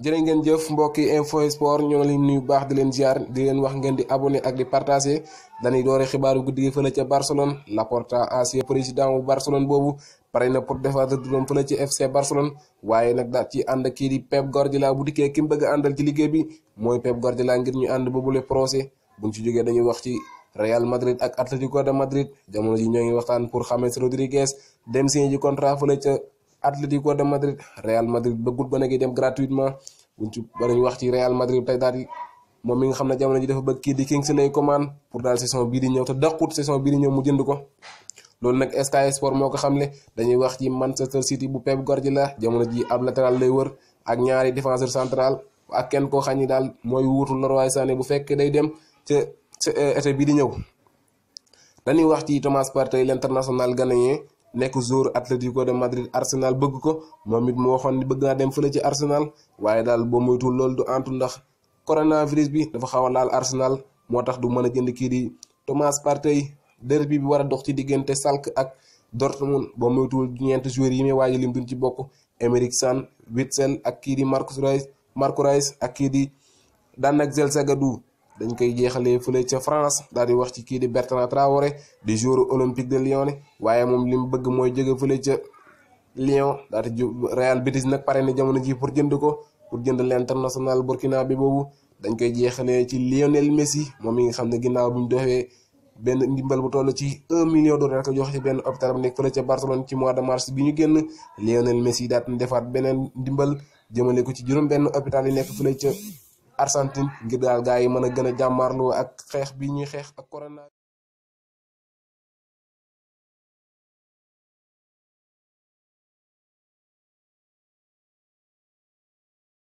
jërë ngeen jëf mbokki info sport ñoo ngi leen nuyu baax di leen ziar di leen wax ngeen di abonné ak di partager dañuy doore xibaaru guddi gi fële ca Barcelone Laporta ancien président bu Barcelone boobu pare na pour defar dundam fële ci FC Barcelone waaye nag daal ci ànd kii di Pep Guardiola bu dikkee ki mu àndal ci liggéey bi mooy Pep Guardiola ngir ñu ànd boobule procès buñ ci jógee dañuy wax ci. Real Madrid ak Atlético de Madrid jamono ji ñoo ngi waxtaan pour James Rodriguez dem signé ji contrat Atlético de Madrid Real Madrid bëggul ba nag dem gratuitement buñ ci ba nañu wax ci Real Madrid tey daal di moom mi nga xam ne jamono ji dafa bëgg kii di Kingsley Coman pour daal saison bii di ñëw te daqut saison bii di ñëw mu jënd ko. loolu nag Sky Sport moo ko xam ne dañuy wax ci Manchester City bu Pep Guardiola jamono ji ab latéral lay wër ak ñaari défenseur central ak kenn koo xam ni daal mooy wuutu Leroy Sané bu fekkee day dem ca ca euh, été bii di ñëw. dañuy wax ci Thomas Partey l'international ghanéen nekk joueur Atlético de Madrid Arsenal bëgg ko moom it mu waxoon ni bëgg naa dem fële ci Arsenal waaye daal boo moytuwul loolu du antu ndax coronavirus bi dafa xaw daal laal Arsenal moo tax du mën a jënd kii di Thomas Partey derby bi war a dox ci diggante Schalke ak Dortmund boo moytuwul ñeent joueurs yi muy waaji lim duñ ci bokk Emerick Sane Witsel ak kii di Marco Reus Marco ak kii di Danexel Zagadou dañ koy jeexalee fële ca France daal di wax ci kii di Bertrand Traoré di joueur olympique de Lyon waaye moom li mu bëgg mooy jege fële ca Lyon daal di Real Betis nag pare na jamono ji pour jënd ko pour jënd l'international burkina bi boobu dañ koy jeexalee ci Lionel Messi moom mi nga xam ne ginnaaw bi mu doxee benn ndimbal bu toll ci un million d'euros rek jox ci benn hôpital bu nekk fële ca Barcelone ci mois de mars bi ñu génn Lionel Messi daal di defaat beneen ndimbal jëmale ko ci juróom-benn hôpital yi nekk fële Argentine ngir daal gaa yi mën a gën a jàmmarloo ak xeex bi ñuy xeex ak corona.